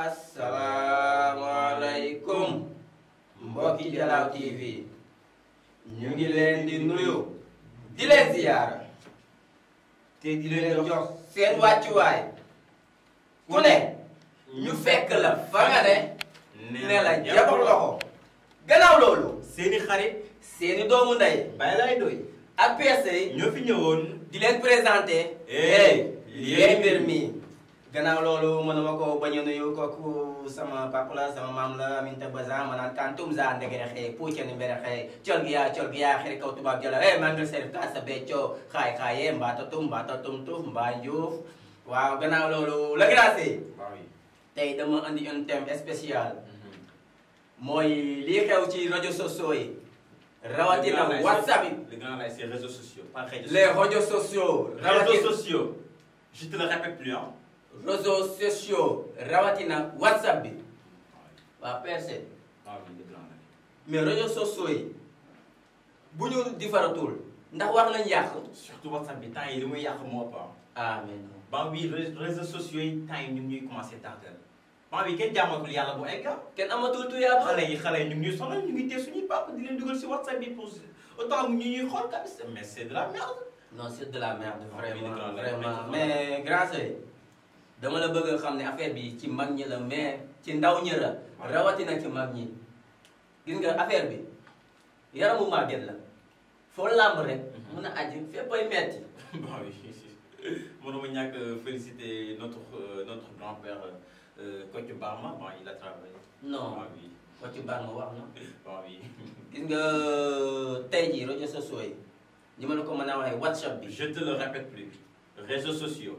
asalaamaaleykum mbokki Dialaw i ñu ngi leen di nuyu di leen ziyaara te di leen jox seen wàccuwaay ku ne ñu fekk la fa nga ne ne la jabar loxo gannaaw loolu seeni xarit seeni doomu ndey bàyyi lay doy ak PSC ñoo fi ñëwoon di leen mi gannaaw loolu mënu ko bañ a nuyu sama papa sama maam la Aminta Bazan kantum za ndegere xee puccen mbere gi yaa col gi yaa xiri kaw tubaab eh, ka sa becco xaay xaaye mbaata tum mbaata tum tuf mbaa waaw gannaaw loolu la grâce tey dama andi un thème spécial mhm. mooy lii xew ci rajo sociaux yi rawatina whatsapp yi les réseaux sociaux les réseaux sociaux rawatina whatsapp va waa mais réseaux sociaux yi bu ñu defaratul surtout whatsapp bi temps yi li moi pas. ah mais non. ban oui, réseaux sociaux yi temps yi ñu ngi ñuy commencé tardel ban bi kenn jàmmatul yàlla bu egg ah. kenn amatul tuyaaba. xale yi xale yi ñu ngi ñuy nous ñu ngi nous suñuy papa di leen dugal sur whatsapp pour autant ñu ñuy xool tamit ah, mais c'est de la merde. non c'est de la merde. vraiment vraiment mais grâce je affaire la affaire bi mhm. oui féliciter notre euh, notre grand-père Coach euh, Barma bon il a travaillé non bon oui Barma wax na bon oui gis nga euh, réseaux sociaux ko WhatsApp je te le répète plus réseaux sociaux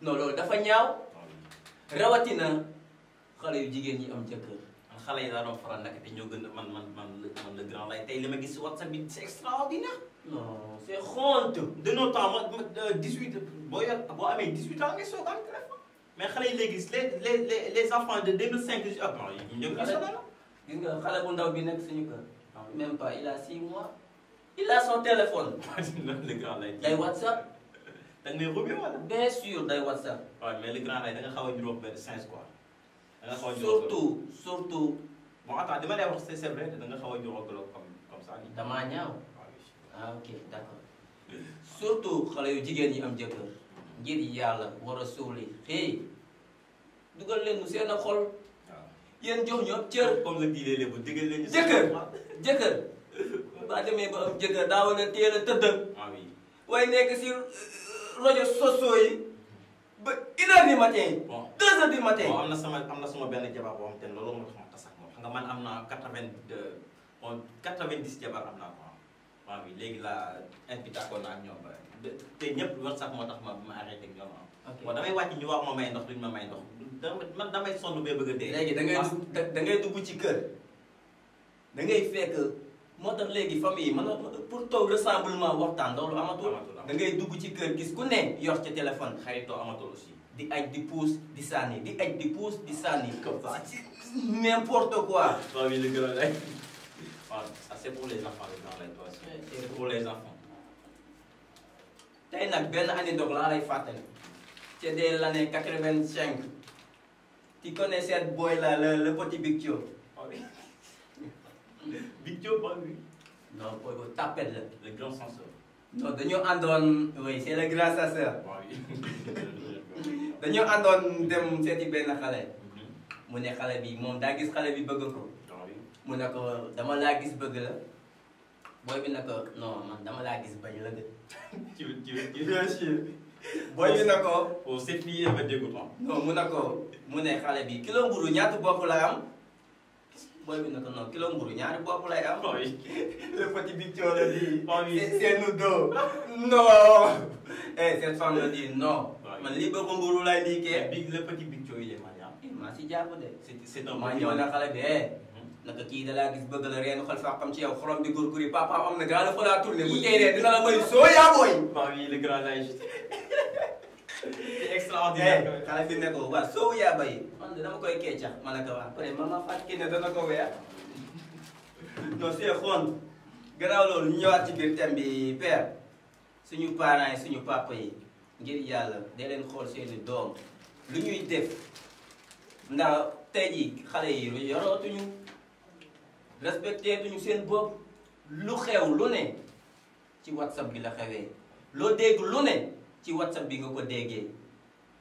non loolu dafa ñaaw rawatina a yu jigéen ñi am jëkkër man un yi daanoo faral nag qui ont gën a man man man le grand lay whatsapp c'est extraordinaire non c'est honteux de nos temps 18 euh, dix-huit ans téléphone mais les les enfants de deux cinq ah, non nga bu même pas il a six mois il a son téléphone le grand lay whatsapp da nga may ruubee wala. bien sûr day whatsapp. waaw mais le grand lay da nga xaw a juróom dama lay wax c' est vrai da nga xaw a juróom damaa ñaaw. ah, ah ok d' accord surtout xale yu jigéen ñi am jëkkër ngir yàlla war a dugal leen mu seen a xol. Ah. yéen jox ñu ab cër. comme le diile lébu digal leen ñu. daa war a teel a tëdd. Ah, waaye nekk rojo soso yi ba 1h du matin 2h du matin amna sama amna sama ben jabar bo xamanteni lolu mo xam tassak mo xam nga man amna 82 on 90 jabar amna ko ba wi legui la invite ko na ñom ba te ñepp wax sax mo tax ma ma arrêté ñom mo damay wacc ñu wax ma may ndox duñ ma may ndox man damay sonu be bëgg dé legui da ngay da ngay dugg ci kër da ngay fekk mo legui famille man pour taw rassemblement waxtan lolu amatu da ngay dugg ci kër gis ku ne yor téléphone aussi di di di di di di n'importe quoi. le ça c'est pour les enfants c'est pour les enfants. Tu ben une dog la lay de l'année 85. tu connais cette boy là le petit biccio ah pas lui. non t'appelles le grand sensor. Oh, no, the new Andon, saya lagi rasa saya. The new Andon, dem sa tibay na Muna kalay bi, mo dagis kalay bi bago ko. Muna ko, dama lagi bago la. Boy bin ako, no, man, dama lagis bago la. Boy bin ako, o sit ni yung bago ko. No, muna ko, muna kalay bi, kilong buru tu bako la booy bi na ko noonu kilo mburu ñaari bopp lay am. mooy le petit bi coono di. mooy c'est nous deux. non. eh cette femme la man lii bëgg mburu lay dikkee. bi le petit bi coono yi de Mariam. maa si de. c'est un na xale bi naka kii da laa gis bëgg la reen xol faa xam ci yow xorom bi gurguri papa am na grand la fa laa tourné bu tey dina la may soo yaa booy. maa ngi le grand âge. ordinaire eh, xale bi ko waa soowu yaa bay man de dama koy keccax ma ne ko waa après man ma fàttali ne ko weer non c'est xoon gannaaw loolu ñu ñëwaat ci biir thème bi père suñu parents yi suñu papa yi ngir yàlla dee leen xool seeni doom lu ñuy def ndax tey jii xale yi yorootuñu respecté tuñu seen bopp lu xew lu ne ci whatsapp bi la xewee loo dégg lu ne ci whatsapp bi nga ko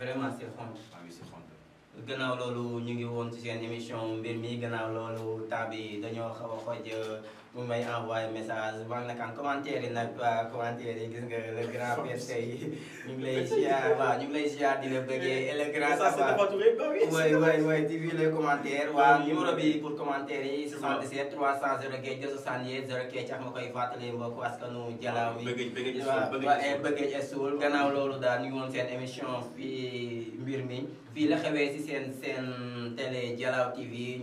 vraiment c' est xont ah loolu ñu ngi woon ci seen émission mbir mi gannaaw loolu temps bi dañoo xaw a euh, mu may envoyé message maa ngi nekk commentaire nag waa commentaire gis nga le grand père tey ñu ngi lay ziar waaw ñu ngi lay ziar di la bëggee et le grand papa waay waay waay di vu les commentaires waaw numéro bi pour commentaire yi 77 300 0 géej 268 0 géej ak ma koy fàttali mbokk askanu Jalaaw bi waaw bëggee et suul gannaaw loolu daal ñu ngi woon seen émission fii mbir mi fii la xewee si seen seen télé Jalaaw TV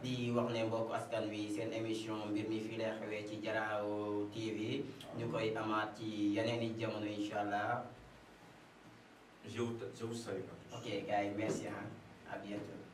di wax ne mbokk askan wi seen émission mbir mi fi lay xewé ci Dialaw TV ñukoy amaat ci yeneen i jamono inshallah allah. je vous salue. ok gars merci hein à bientôt.